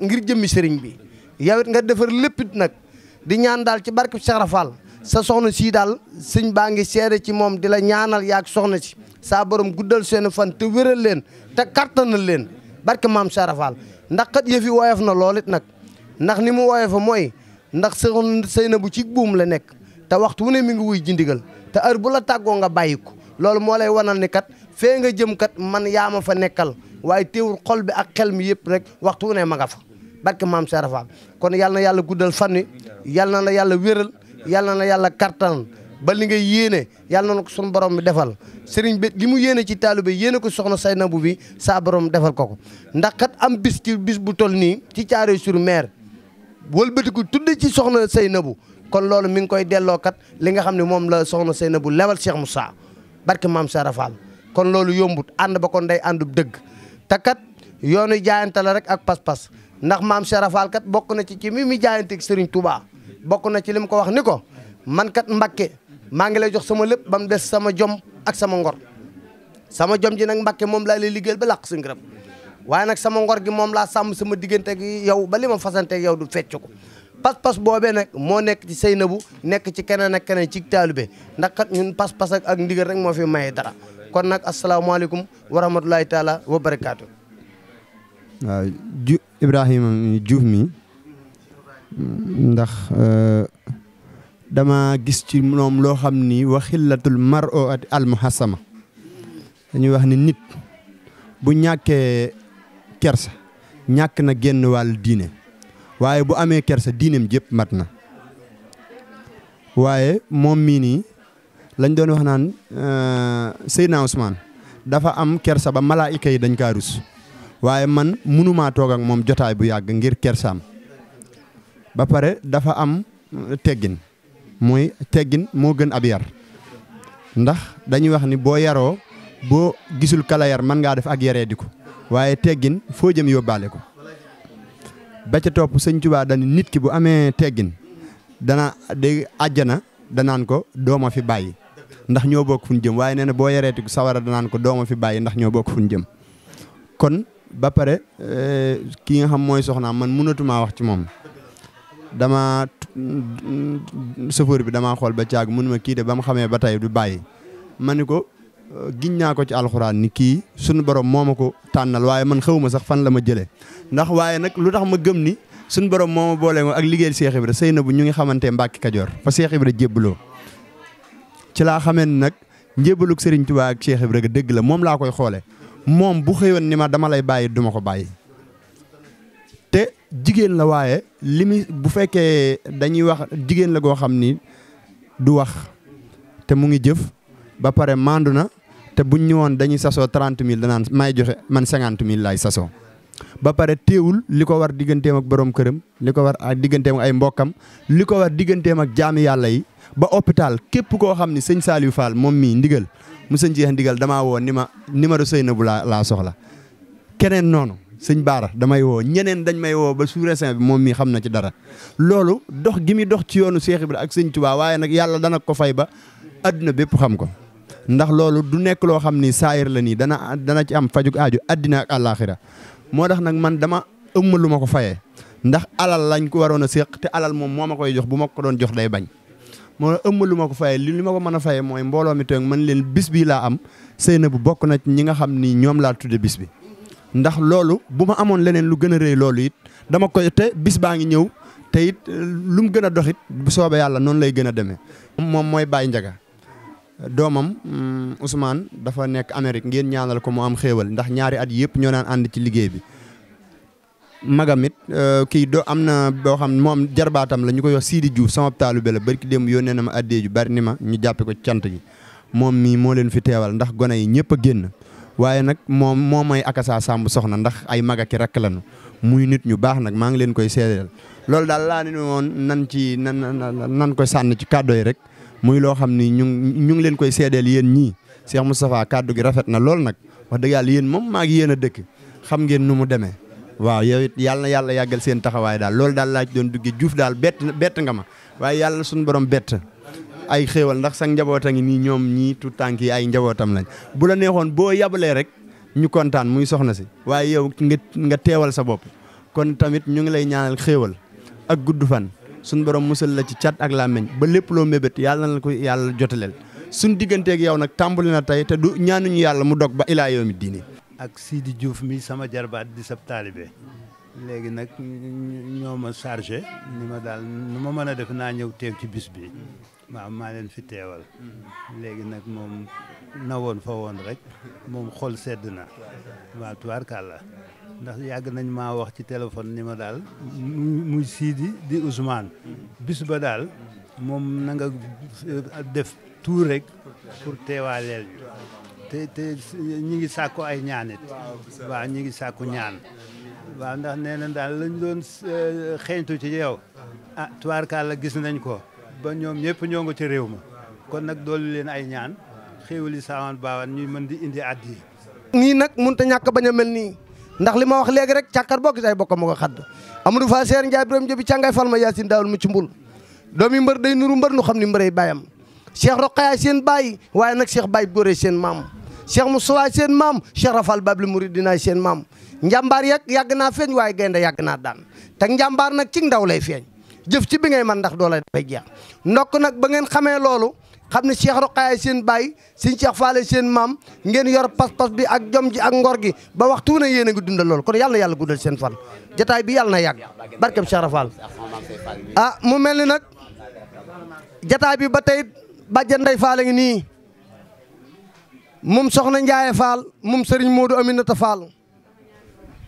ngir jëmmi sëriñ bi yow it nga defar léppit nag di ñaan daal ci barkeb Cheikh Rafal sa soxna sii daal sëñ baa ngi seede ci moom di la ñaanal yaak soxna si saa borom guddal seenu fan te wéral leen te kattanal leen barke maam Cheikh Rafal ndax kat yëfi woyof na lool nag ndax ni mu woyofa mooy ndax soxna Seynabou ci buum la nekk te waxtu wu ne mi ngi wuy ji ndigal te heure bu la tàggoo nga bàyyi ko loolu moo lay wanal ni kat fee nga jëm kat man yaa ma fa nekkal waaye teewul xol ak xel yëpp rek waxtu wu ne ma fa. barke maam Serafal kon yal na yàlla guddal fan wi yal na la yàlla wéral yal na la yàlla kartan ba li nga yéene yàlla na ko sunu borom bi defal sëriñ bi li mu yéene ci taalibe yéene ko soxna say Saynabu bi saa borom defal ko ko ndax kat am bis ci bis bu toll nii ci Thiaroye sur Mer wëlbatiku tudd ci soxna Saynabu kon loolu mi ngi koy delloo kat li nga xam ne moom la soxna Saynabu lewal Cheikh Moussa barke maam Serafal kon loolu yombut ànd ba kon day àndub dëgg te kat yoonu ndax maam rafal kat bokku na ci ci mi mi ak Serigne Touba bokku na ci lim ko wax niko man kat Mbakke ma ngi lay jox sama lepp bam dess sama jom ak sama ngor sama jom ji nak Mbakke mom la lay liggéeyal ba làq sa ngërëm waye nak sama ngor gi mom la sam sama digeunte ak yow ba lima fasante ak yow du fecc ko pas-pas bobé nak mo nek ci seynabu nek ci kenen ak kenen ci talibé ndax kat ñun pas-pas ak ak ndigal rek mo fi maye dara kon nak assalamu warahmatullahi taala wabarakatuh. waaw ju Ibrahima mi Diouf mi ndax euh, dama gis ci moom loo xam ni wa xillatul mar'o at al dañuy wax ni nit bu ñàkkee kersa ñàkk na genn wàll diine waaye bu amee kersa diineem jépp mat na waaye moom mii nii lañ doon wax naan euh, Seydina Ousmane dafa am kersa ba malaayika yi dañ kaa rus waaye man mënumaa toog ak moom jotaay bu yàgg ngir kersaam ba pare dafa am uh, teggin mooy teggin moo gën ab yar ndax dañuy wax ni boo yaroo boo gisul kala yar mën ngaa def ak yaree ko waaye teggin foo jëm yóbbaale ko ba ca topp sëñ Tuubaa dañu nit ki bu amee teggin dana di àjjana danaan ko dooma fi bàyyi ndax ñoo bokk fu ñu jëm waaye nee na boo yareeti ko sawara danaan ko dooma fi bàyyi ndax ñoo bokk fu ñu jëm kon ba pare eh, kii nga xam mooy soxnaa man mënatumaa wax ci moom dama mm, chauffeur bi damaa xool ba caag mun ma kii de ba mu xamee ba tey du bàyyi ma ni ko eh, giñ naa ko ci alxuraan ni kii sunu borom moo ma ko tànnal waaye man xaw ma sax fan la ma jëlee ndax waaye nag lu tax ma gëm ni sunu borom moo ma boole ak liggéeyal Cheikh Ibra sëy na bu ñu ngi xamante Mbàkke Kajoor fa Cheikh Ibra jébbaloo ci laa xamee nag njébbalug Serigne Touba ak Cheikh Ibra dëgg la moom laa koy xoolee. moom bu xëyoon ni ma dama lay bàyyi duma ko bàyyi te jigéen la waaye li bu fekkee dañuy wax jigéen la goo xam ni du wax te mu ngi jëf ba pare maandu na te buñ ñëwoon dañuy sasoo trente mille danaan may joxe man cinquante mille laay sasoo ba pare teewul li ko war digganteem ak borom këram li ko war ak digganteem ak ay mbokkam li ko war digganteem ak jaami yàlla yi ba hôpital képp koo xam ni sëñ saaliyu Fall moom mii ndigal mu sëñ Cheikh ndigal damaa woo ni ma numéro Seynabou laa laa soxla keneen noonu sëñ Baara damay woo ñeneen dañ may woo ba sous-région bi moom mii xam na ci dara loolu dox gi muy dox ci yoonu Cheikh Ibra ak sëñ Touba waaye nag yàlla dana ko fay ba adduna bépp xam ko ndax loolu du nekk loo xam ni saayir la nii dana dana ci am fajuk aaju àddina ak àllaaxira moo tax nag man dama ëmm ma ko fayee ndax alal lañ ko waroon a séq te alal moom moo ma koy jox bu ma ko doon jox day bañ moo ëmb lu ma ko fayee li li ma ko mën a fayee mooy mbooloo mi toog man leen bis bi laa am Seyna bu bokk na ñi nga xam ni ñoom laa tudde bis bi ndax loolu bu ma amoon leneen lu gën a rëy loolu it dama koy te bis baa ngi ñëw te it eh, lu mu gën a doxit bu soobee yàlla noonu lay gën a demee moom mooy Baye njaga doomam mm, Ousmane dafa nekk Amérique ngeen ñaanal ko mu am xéewal ndax ñaari at yëpp ñoo naan ànd ci liggéey bi magamit euh, kii do am na boo xam moom jarbaatam la ñu koy wax Sidi Diouf sama taalibe la barki démb yónnee na ma addee ju bari ni ma ñu jàppe ko cant gi moom mii moo leen fi teewal ndax gone yi ñëpp a génn waaye nag moom moo mooy akasa sàmb soxna ndax ay maga ki rakk lañu muy nit ñu baax nag maa ngi leen koy seedeel loolu daal laa ne woon nan ci nan nan ko sànni ci kàddo yi rek muy loo xam ni ñu ñu ngi leen koy seedeel yéen ñii mu Moustapha kàddu gi rafet na lool nag wax dëgg yéen moom maa ngi dëkk xam ngeen nu mu demee waaw yow it yàlla yàlla yàggal seen taxawaay daal loolu daal laa doon duggee Diouf daal bett bett nga ma waaye yàlla na suñu borom bett ay xéewal ndax sax njaboota ngi nii ñoom ñii tout tànk yi ay njabootam lañ bu la neexoon boo yabalee rek ñu kontaan muy soxna si waaye yow nga nga teewal sa bopp kon tamit ñu ngi lay ñaanal xéewal ak gudd fan sun borom musal la ci cat ak làmmiñ ba lépp loo mébét yàlla na la ko yàlla jotaleel suñ digganteeg yow nag tàmbali na tey te du ñaanuñu yàlla mu dog ba ilaa yawmi diini ak siidi Diouf mi sama jarbaat di sab taalibe léegi nag ñoo ma chargé ni ma daal nu ma mën a def naa ñëw teew ci bis bi waaw maa leen fi teewal léegi nag moom na woon fa woon rek moom xol sedd na waaw tubaarkàlla ndax yàgg nañ maa wax ci téléphone ni ma daal muy Sidi di Ousmane bis ba daal moom nanga nga euh, def tout rek pour teewaaleel ñu te te ñi ngi sàkku ay ñaanit waaw ñi ngi sàkku ñaan waa ndax nee na daal lañ doon euh, xeeñtu ci yow ah la gis nañ ko ba ñoom ñëpp ñoo ngi ci réew ma kon nag doolu leen ay ñaan li saawan baawan ñuy mën di indi at yi nii nag mun a ñàkk bañ mel nii ndax li ma wax léegi rek càkkar boo gis ay bokkam ma ko xadd Amadou Fa Seer Njaay Birame Jobi càngaay Falma Yaasin daawul mu ci mbul doomi mbër day nuru mbër nu xam ni mbëray baayam Cheikh Roqaya seen baay waaye nag Cheikh Baye Góore seen maam Cheikh Moussa seen maam Cheikh Rafal Babli seen maam njàmbaar yàgg yàgg naa feeñ waaye gaynde yàgg naa daan te njàmbaar nag ci ndaw lay feeñ jëf ci bi ngay man ndax doo la dafay jeex ndokk nag ba ngeen xamee loolu xam ne Cheikh Roqaya seen baay sëñ Cheikh Faale seen maam ngeen yor pas-pas bi ak jom ji ak ngor gi ba waxtu ne yéen a ngi dundal loolu kon yàlla na yàlla guddal seen fan jotaay bi yàlla na yàgg barkeb Cheikh Rafal ah mu mel jataay bi ba tey bàjjen Ndey Faal a ngi nii moom soxna Njaaye Faal moom Serigne Modou Aminata Faal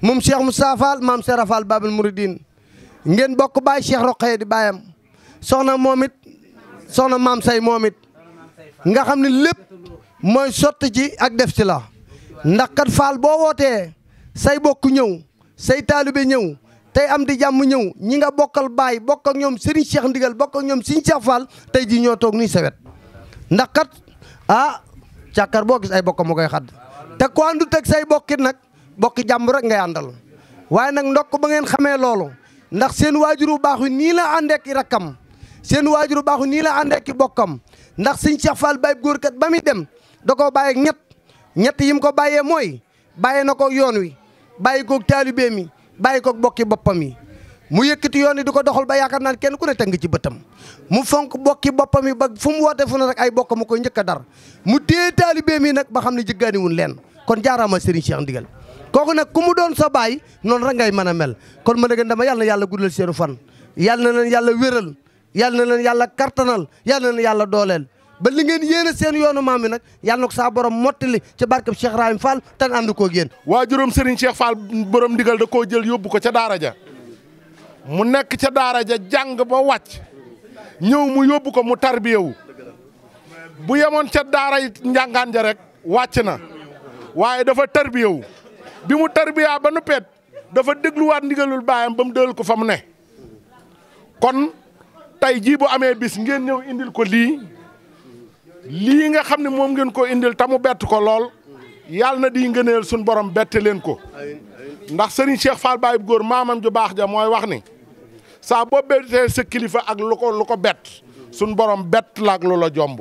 moom Cheikh Moussa Faal maam Sera Faal Babal Mouridine ngeen bokk baay Cheikh Roqaye di baayam soxna moom soxna maam say moom nga xam ni lépp mooy sotti ci ak def ci la ndax kat Faal boo wootee say bokk ñëw say taalibe ñëw tay am di jamm ñew ñi nga bokal bay bok ak ñom Serigne Cheikh Ndigal bok ak ñom Serigne Cheikh Fall ñoo tok ni sewet ndax kat ah ciakar bo gis ay bokk mo koy xad te ko andu tek say bokkit nak bokki jamm rek ngay andal waye nak ndokk ba ngeen xame lolu ndax seen wajuru baxu ni la ande i rakam seen wajuru baxu ni la ande i bokkam ndax Serigne Cheikh Fall bay goor kat bami dem dako baye bàyyeeg ñet ñett ko baye moy baye nako yoon wi baye koog bàyyi ko bokki boppam yi mu yëkkati yoon yi di ko doxal ba yaakaar naan kenn ku ne teg ci bëtam mu fonk bokki boppam yi ba fu mu woote fu ne rek ay bokka mu koy njëkk a dar mu téye taalibeem mii nag ba xam ne jëggaaniwun leen kon jaaraama Serigne Cheikh Ndigal kooku nag ku mu doon sa baay noonu rek ngay mën mel kon ma dëgg dama yàlla na yàlla guddal seenu fan yàlla na leen yàlla wéral yàlla na leen yàlla kartanal yàlla na yàlla dooleel ba li ngeen yéene seen yoonu maam nag yàlla na ko saa borom mottali ci barkeb Cheikh Rahim Fall tan ànd koog yéen. waa juróom Serigne Cheikh Fall borom ndigal da koo jël yóbbu ko ca daara ja mu nekk ca daara ja jàng bo wàcc ñëw mu yóbbu ko mu tarbiyewu bu yemoon ca daara yi njàngaan ja rek wàcc na waaye dafa tarbiyewu bi mu tarbiyaa ba nu peet dafa dégluwaat ndigalul baayam ba mu dël ko fa mu ne kon tey jii bu amee bis ngeen ñëw indil ko lii. lii nga xam ne moom ngeen ko indil tamu bett ko lool yàlla na di ngëneel suñ borom bette leen ko ndax sëriñ Cheikh Fall Baye góor maamam ju baax ja mooy wax ni saa boo bettee sa kilifa ak lu lu ko bett suñu borom bett la ak jomb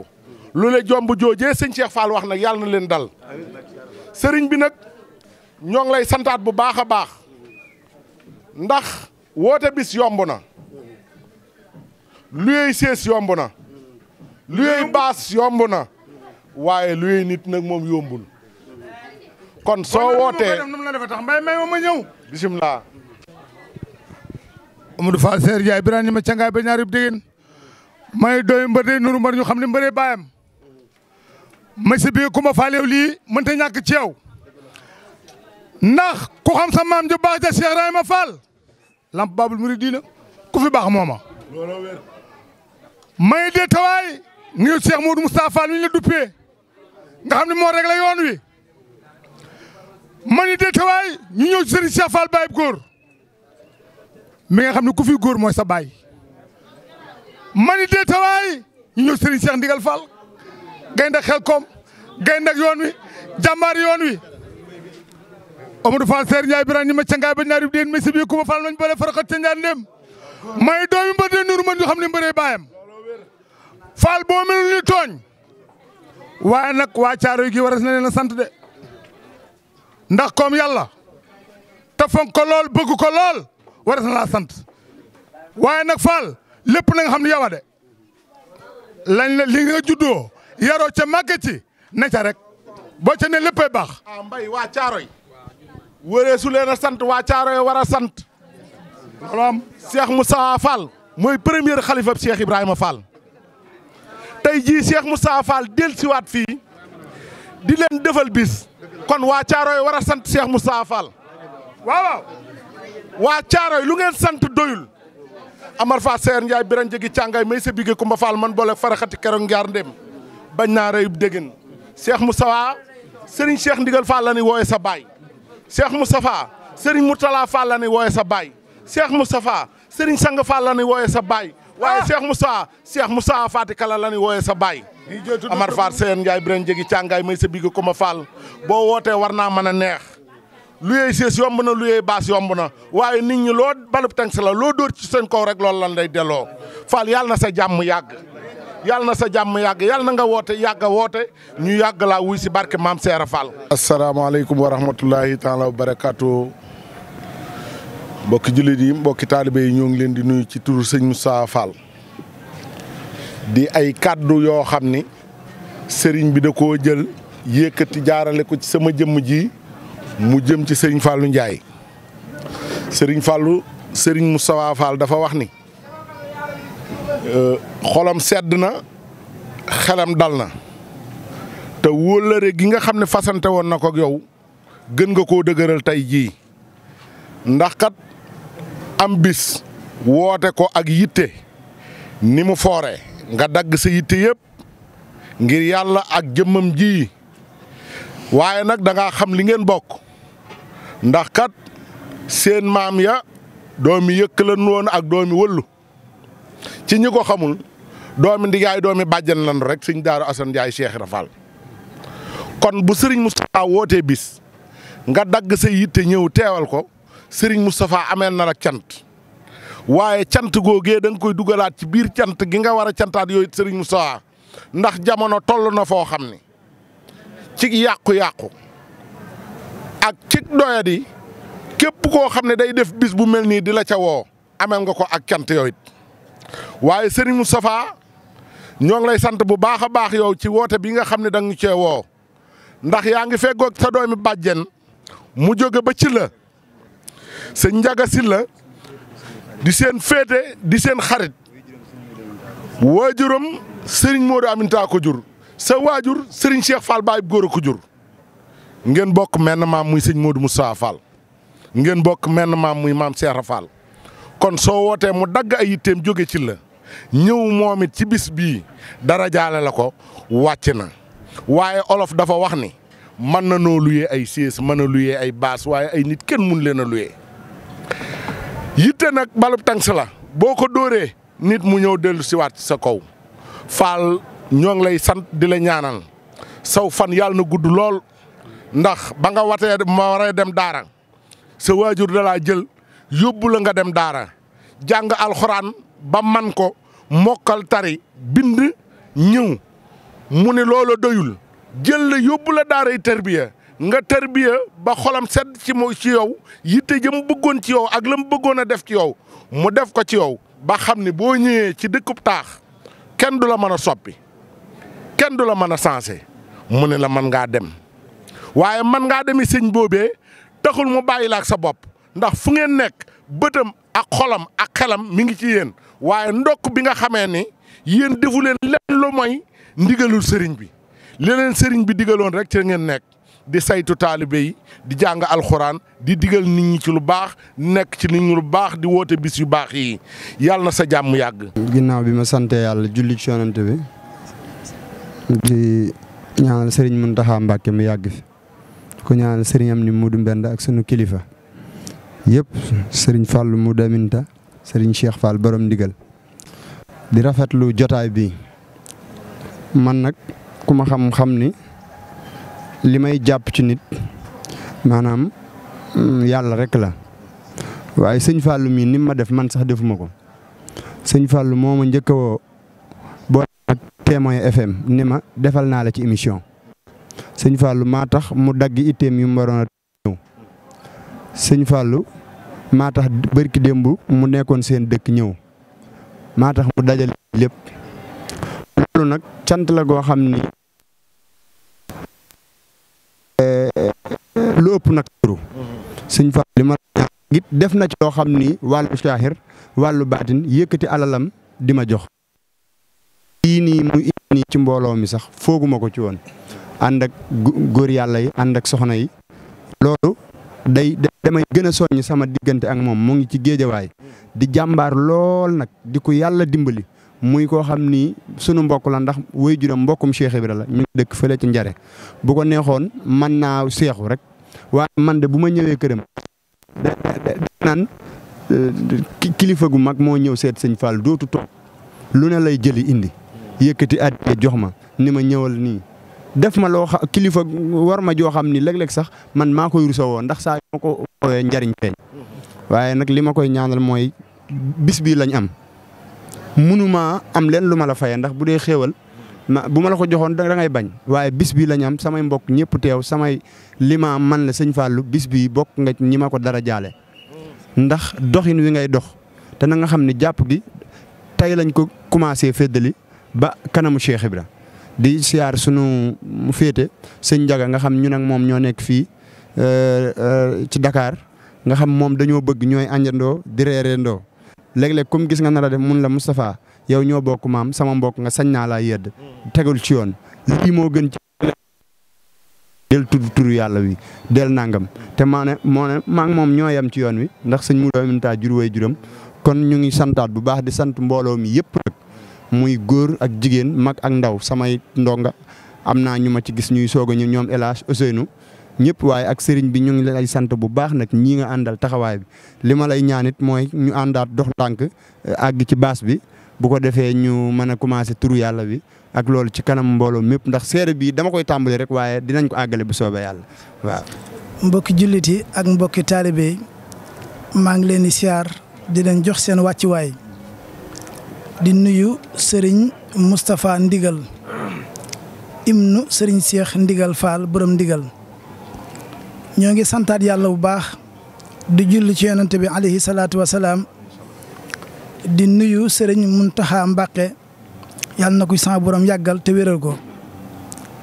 lu jomb joojee sëñ Cheikh Fall wax na yàlla na leen dal sëriñ bi nag ñoo ngi lay santaat bu baax a baax ndax woote bis yomb na luy sees yomb na luy baas yomb na waaye luy nit nag moom yombul kon soo wootee bisimilah. Amadou Fall Seer Ndiaye Birane ma cangaay ba ñaar yëpp déggeen may doy mbër day nuru mbër ñu xam ne mbëree baayam ma si biir ku ma faaleew lii mënta ñàkk ci yow ndax ku xam sa maam ju baax ja Cheikh Ibrahima Fall lamp babul muri diina ku fi baax mooma may dee tawaay nuyu Cheikh Modou Moustapha Fall mi ñu la duppee nga xam ne moo rek la yoon wi mani deetawaay ñu ñëw ci Serigne Cheikh Fall baayib góor mi nga xam ne ku fi góor mooy sa baay mani deetawaay ñu ñëw Serigne Cheikh Ndigal Fall gaynde ak xel koom gaynde ak yoon wi jàmbaar yoon wi Amadou Fall Seer Ndiaye Birane ñi ma cangaay ba ñaari déen mesi bi ku ma Fall nañ boole faraxat ca njaan ndéem may doomi mbër de nuuru man ñu xam ne mbëree baayam faal boo melul ni tooñ waaye nag waa caaro gi waras na leen a sant de ndax kom yàlla te fonk ko lool bëgg ko lool waras na laa sant waaye nag faal lépp na nga xam ne yow a de lañ la li nga juddoo yaroo ca màgge ci ne ca rek boo ca ne léppay baax. ah mbay waa caaro yi. wëree leen a sant waa caaro yi war a sant. loolu am Cheikh Moussa mooy premier xalifab Cheikh Ibrahima Fall. tey jii Cheikh Moustapha Fall dellusiwaat fii di leen defal bis kon waa Caaroy war a sant Cheikh Moustapha Fall waaw waa Caaroy lu ngeen sant doyul Amar Fa Seer Ndiaye Biran Jegi Càngaay may sa bigge Kumba Fall man boole faraxati keroog njaar ndem bañ naa reyub déggen Cheikh Moustapha Serigne Cheikh Ndigal Fall la ni wooye sa baay Cheikh Moustapha Serigne Moutala Fall la ni sa baay Cheikh Moustapha Serigne Sang Fall la ni wooye sa baay waaye ah. Cheikh Moussa Cheikh Moussa Fati Kala la ni wooyee sa baay. Amar Faat Seen Ndiaye Birane Jegi Càngaay may sa biig ko ma faal boo wootee war naa mën a neex. luyee siis yomb na luyee baas yomb na waaye nit ñi loo balub tànk la loo dóor ci seen kaw rek loolu lan lay deloo Fall yàlla na sa jàmm yàgg yàlla na sa jàmm yàgg yàlla na nga woote yàgg woote ñu yàgg laa wuy si barke maam Seera Fall. asalaamaaleykum wa rahmatulahi taala wa barakaatu. mbokki jullit yi mbokki taalibe yi ñoo ngi leen di nuyu ci turu sëñ Moussa Fall di ay kàddu yoo xam ni sëriñ bi da koo jël yëkkati jaarale ko ci sama jëmm ji mu jëm ci sëriñ Fallou Ndiaye sëriñ Fallou sëriñ Moussa Fall dafa wax ni euh, xolam sedd na xelam dal na te wóllëre gi nga xam ne fasante woon na ko ak yow gën nga koo dëgëral tey jii ndax kat am bis woote ko ak yitte ni mu fooree nga dagg sa yitte yëpp ngir yàlla ak jëmmam ji waaye nag danga xam li ngeen bokk ndax kat seen maam ya doomi yëkk lan woon ak doomi wëllu ci ñi ko xamul doomi ndigaay doomi bàjjan lan rek sëñ Daaru Asan Njaay Cheikh Rafal kon bu sëriñ Moustapha wootee bis nga dagg sa yitte ñëw teewal ko Serigne Moustapha ameel na la cant waaye cant googee da koy dugalaat ci biir cant gi nga war a cantaat yooyu Serigne Moustapha ndax jamono toll na foo xam ni ci yàqu-yàqu ak ci doyadi képp koo xam ne day def bis bu mel nii di la ca woo ameel nga ko ak cant yooyu it waaye Serigne Moustapha ñoo ngi lay sant bu baax a baax yow ci woote bi nga xam ne da nga cee woo ndax yaa ngi feggoog sa doomi bàjjen mu jóge ba ci la sëñ Ndiaga Sylla di seen féete di seen xarit waajuram sëriñ Modou Aminta ko jur sa waajur sëriñ Cheikh Fall Baye góor a ko jur ngeen bokk menn maam muy sëñ Modou Moussa ngeen bokk menn maam muy maam Cheikh Fall kon soo wootee mu dagg ay yitteem jóge ci ñëw moom it ci bis bii dara jaale la ko wàcc na waaye olof dafa wax ni mën na noo luyee ay siis mën a luye ay baas waaye ay nit kenn mun leen a luye yitte nag balub tànk la boo ko dóoree nit mu ñëw dellu siwaat sa kaw faal ñoo ngi lay sant di la ñaanal saw fan yàlla na gudd lool ndax ba nga watee ma waree dem daara sa waajur dalaa jël yóbbu la nga dem daara jàng alxuraan ba man ko mokkal tari bind ñëw mu ne loola doyul jël la yóbbu la daaray tarbiya nga tarbiya ba xolam sedd ci mo ci yow yitte jëm bëggoon ci yow ak la mu bëggoon a def ci yow mu def ko ci yow ba xam ni boo ñëwee ci dëkkub taax kenn du la mën a soppi kenn du la mën a sensé mu ne la mën ngaa dem waaye mën ngaa demi sëñ boobee taxul mu bàyyi la ak sa bopp ndax fu ngeen nekk bëtam ak xolam ak xelam mi ngi ci yéen waaye ndokk bi nga xamee ni yéen defu leen lenn lu moy ndigalul sëriñ bi leneen sëriñ bi digaloon rek ci ngeen nekk di saytu taalibe yi di jàng alxuraan di digal nit ñi ci lu baax nekk ci nit ñi lu baax di woote bis yu baax yi yàlla sa jàmm yàgg. ginnaaw bi ma sante yàlla julli ci yonent bi di ñaanal sëriñ Mountakha Mbacké mu yàgg fi ko ñaanal sëriñ mu ni Modou Mbend ak sunu kilifa yëpp sëriñ Fallou Modou Aminta sëriñ Cheikh Fall boroom ndigal di rafetlu jotaay bi man nag ku xam-xam ni. li may jàpp ci nit maanaam mm, yàlla rek la waaye sëñ Fallou mii ni ma def man sax defuma ko sëñ Fallou moo ma njëkk a woo boo ak FM ni ma defal naa la ci émission sëñ Fallou maa tax mu dagg itteem yu mu sëñ Fallou maa tax bërki démb mu nekkoon seen dëkk ñëw maa tax mu dajale lépp loolu nag cant la goo xam ni lu nag turu sëñ Fall def na ci loo xam ni wàllu saahir wàllu baatin yëkkati alalam di ma jox lii nii mu indi nii ci mbooloo mi sax fooguma ko ci woon ànd ak góor yàlla yi ànd ak soxna yi loolu day damay gën a soññ sama diggante ak moom mu ngi ci géejawaay di jàmbaar lool nag di ko yàlla dimbali muy koo xam ni sunu mbokk la ndax way juram mbokkum Cheikh Ibra la ñu dëkk fële ci njare bu ko neexoon man naa seexu rek waaye man de bu ma ñëwee këram da naan eh, kilifa gu mag moo ñëw seet sëñ Fall dootu toog lu ne lay jëli indi yëkkati at jox ma ni ma ñëwal nii. def ma loo xam kilifa war ma joo xam ni léeg-léeg sax man maa koy rusa woo ndax saa yu ma ko woowee njariñ feeñ waaye nag li ma koy ñaanal mooy bis bii lañ am mënuma am leen lu ma la fayee ndax bu dee xéewal ma bu ma la ko joxoon da ngay bañ waaye bis bi la ñu am samay mbokk ñëpp teew samay limaam man la sëñ Fallou bis bi bokk nga ñi ma ko dara jaale ndax doxin wi ngay dox te na nga xam ne jàpp gi tey lañ ko commencé feddali ba kanamu Cheikh Ibra di siyaar sunu mu féete sëñ Njaga nga xam ñu ak moom ñoo nekk fii euh, euh, ci Dakar nga xam moom dañoo bëgg ñooy àndandoo di reerandoo léeg-léeg comme gis nga nar de mun la Moustapha yow ñoo bokk maam sama mbokk nga sañ naa laay yedd tegul ci yoon lii moo gën ci del tudd yàlla wi del nangam te maa ne moo maa ngi moom ñoo yam ci yoon wi ndax sëñ mu doomin taa jur way juram kon ñu ngi santaat bu baax di sant mbooloo mi yëpp nag muy góor ak jigéen mag ak ndaw samay ndonga am naa ñu ma ci gis ñuy soog a ñu ñoom El Hadj Ousseynou ñëpp waaye ak sëriñ bi ñu ngi lay sant bu baax nag ñii nga àndal taxawaay bi li ma lay ñaanit mooy ñu àndaat dox ndànk àgg ci baas bi bu ko defé ñu mëna commencé turu yalla bi ak loolu ci kanam mbolo mepp ndax seere bi dama koy tambalé rek wayé dinañ ko àggale bu soobé yalla waaw. mbokki julliti ak mbokki talibé ma ngi leen di di leen jox seen way di nuyu Serigne Ndigal imnu Serigne Cheikh Ndigal Fall borom Ndigal ñoo ngi santat yalla bu baax di julli ci yonante bi alayhi salatu wassalam di nuyu sëriñ taxa Mbàkke yàlla na koy sama yàggal te wéral ko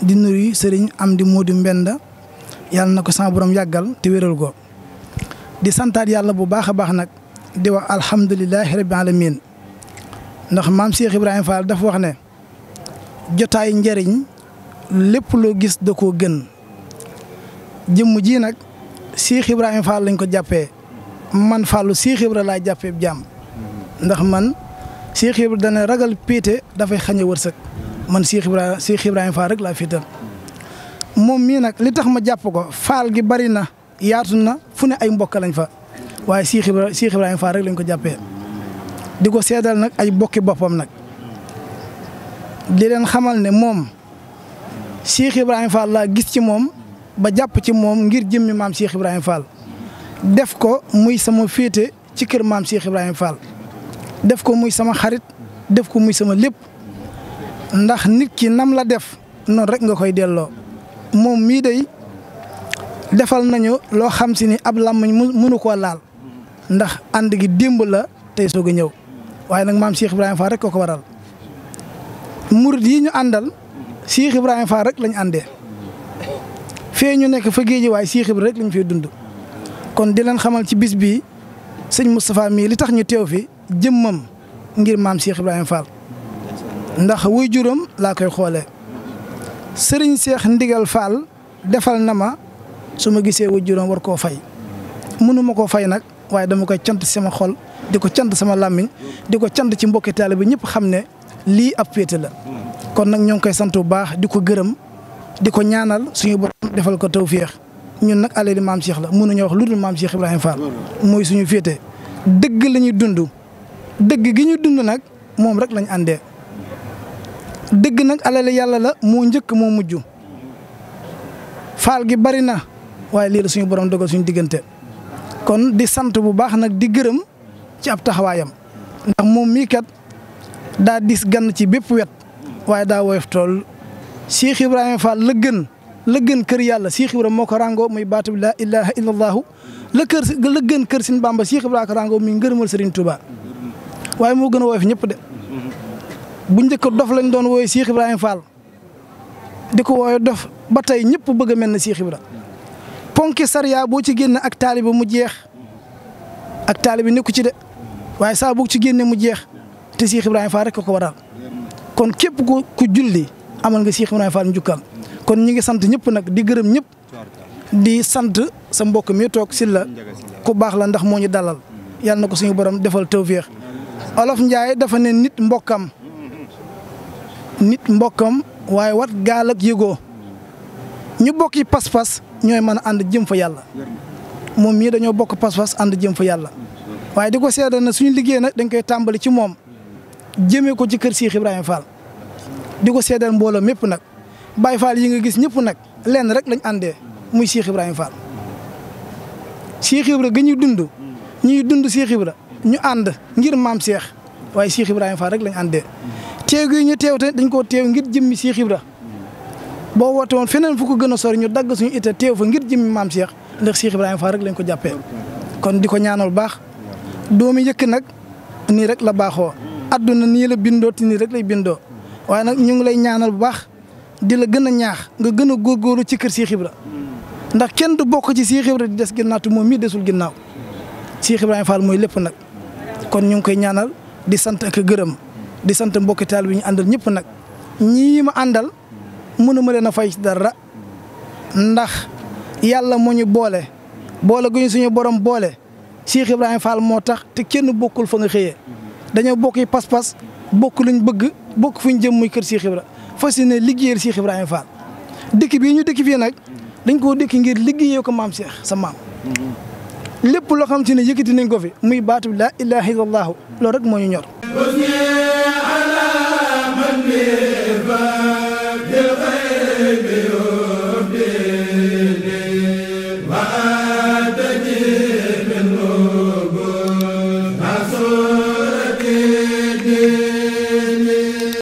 di nuyu sëriñ am di Amdi Moodu Mbenda yàlla na ko sama yàggal te wéral ko di santaat yàlla bu baax a baax nag di wax alhamdulilahi rabbi alamin ndax maam Cheikh Ibrahima Fall dafa wax ne jotaay njariñ lépp loo gis da koo gën jëmm ji nag Cheikh Ibrahima Fall lañ ko jàppee man Fallu Cheikh Ibrahima laay jàppee jàmm ndax man Cheikh Ibrahima dana ragal péete dafay xañe wërsëg man Cheikh Ibrahima Cheikh Ibrahima Fall rek laa féetal moom mii nag li tax ma jàpp ko faal gi bari na yaatu na fu ne ay mbokk lañ fa waaye Cheikh Ibrahima Cheikh Ibrahima Fall rek lañ ko jàppe di ko seedal nag ay bokki boppam nag di leen xamal ne moom Cheikh Ibrahima Fall laa gis ci moom ba jàpp ci moom ngir jëmmi maam Cheikh Ibrahima Fall def ko muy sama féete ci kër maam Cheikh Ibrahima Fall. def ko muy sama xarit def ko muy sama lepp ndax nit ki nam la def non rek nga koy delloo mom mi day defal nañu lo xam si ni ab lam mënu ko laal ndax and gi démb la tay soog a ñëw waaye nag maam Cheikh ibrahim fa rek ko ko waral mourid yi ñu andal Cheikh ibrahim fa rek lañ andé fe ñu nek fa geejji way Cheikh ibrahim rek lañ fi dund kon di leen xamal ci bis bi sëñ mustapha mi li tax ñu teew fi jëmmam ngir maam Cheikh Ibrahima Fall ndax wuy juróom laa koy xoolee sëriñ Cheikh Ndigal Fall defal na ma su ma gisee wuy juróom war koo fay mënu ma koo fay nag waaye dama koy cant sama xol di ko cant sama làmmiñ di ko cant ci mbokki taalibe bi ñëpp xam ne lii ab péete la kon nag ñoo ngi koy sant bu baax di ko gërëm di ko ñaanal suñu borom defal ko tew tawféex ñun nag alali maam Cheikh la ñoo wax lu dul maam Cheikh Ibrahima Fall mooy suñu féete dëgg la ñuy dund deug gi ñu dund nak mom rek lañ andé deug nak alal yàlla la mo ñëk mo muju faal gi bari na way li la suñu borom dogal suñu digënté kon di sante bu baax nak di gëreem ci ab taxawayam ndax mom mi kat da dis gan ci bépp wet way da woyof tol Cheikh ibrahim faal le gën le gën kër yàlla Cheikh ibrahim moko rango muy baatu la ilaha illallah le kër le gën kër Bamba Cheikh ibrahim rango mi Serigne Touba waaye moo gën a woyof ñëpp de bu njëkk dof lañ doon wooye Cheikh Ibrahima Fall di ko wooye dof ba tey ñëpp bëgg a mel ne Cheikh Ibra ponki sariya boo ci génne ak taalibe mu jeex ak taalibe nekku ci de waaye saa ci génne mu jeex te Cheikh Ibrahima Fall rek ko waral kon képp ku ku julli amal nga Cheikh Ibrahima Fall njukkal kon ñi ngi sant ñëpp nag di gërëm ñëpp di sant sa mbokk mi toog si la ku baax la ndax moo ñu dalal yàlla na ko suñu borom defal tawféex olof Njaay dafa ne nit mbokkam nit mbokkam waaye wat gaal ak yëgoo ñu bokki pas-pas ñooy mën a ànd jëm fa yàlla moom mii dañoo bokk pas-pas ànd jëm fa yàlla waaye di ko seedal na suñu liggéey nag dañ koy tàmbali ci moom jëmee ko ci kër Cheikh Ibrahima Fall di ko seedal mbooloo mépp nag bay Fall yi nga gis ñëpp nag lenn rek lañ àndee muy Cheikh Ibrahima Fall Cheikh Ibra ga ñuy dund ñuy dund Cheikh Ibra ñu ànd ngir maam Cheikh waaye Cheikh Ibrahima Fall rek lañ àndee teew gi ñu teew tamit dañ koo teew ngir jëmmi Cheikh Ibra boo woote woon feneen fu ko gën a sori ñu dagg suñu ite teew fa ngir jimmi maam Cheikh ndax Cheikh Ibrahima Fall rek lañ ko jàppee kon di ko ñaanal baax doomi yëkk nag nii rek la baaxoo adduna nii la bindoo te rek lay bindoo waaye nag ñu ngi lay ñaanal bu baax di la gën a ñaax nga gën a góorgóorlu ci kër Cheikh Ibra ndax kenn bokk ci Cheikh Ibra di des ginnaaw te moom mii desul ginnaaw Cheikh Ibrahima Fall mooy lépp nag kon ñu ngi koy ñaanal di sant ak gërëm di sant mbokki taal bi ñu àndal ñëpp nag ñii ma àndal mun mënuma mare na fay ci dara ndax yàlla moo ñu boole boole gu ñu suñu borom boole Cheikh Ibrahima Fall moo tax te kenn bokkul fa nga xëyee dañoo bokk yi pas-pas bokk luñ bëgg bokk fu ñu jëm muy kër Cheikh Ibra fas yéene liggéeyal Cheikh Ibrahima Fall dëkk bii ñu dëkk fii nag dañ koo dëkk ngir liggéeyee ko maam Cheikh sa maam. lépp loo xam te ne yëkkati nañ ko fi muy baatu laa ilaaha illallah loolu rek moo ñor.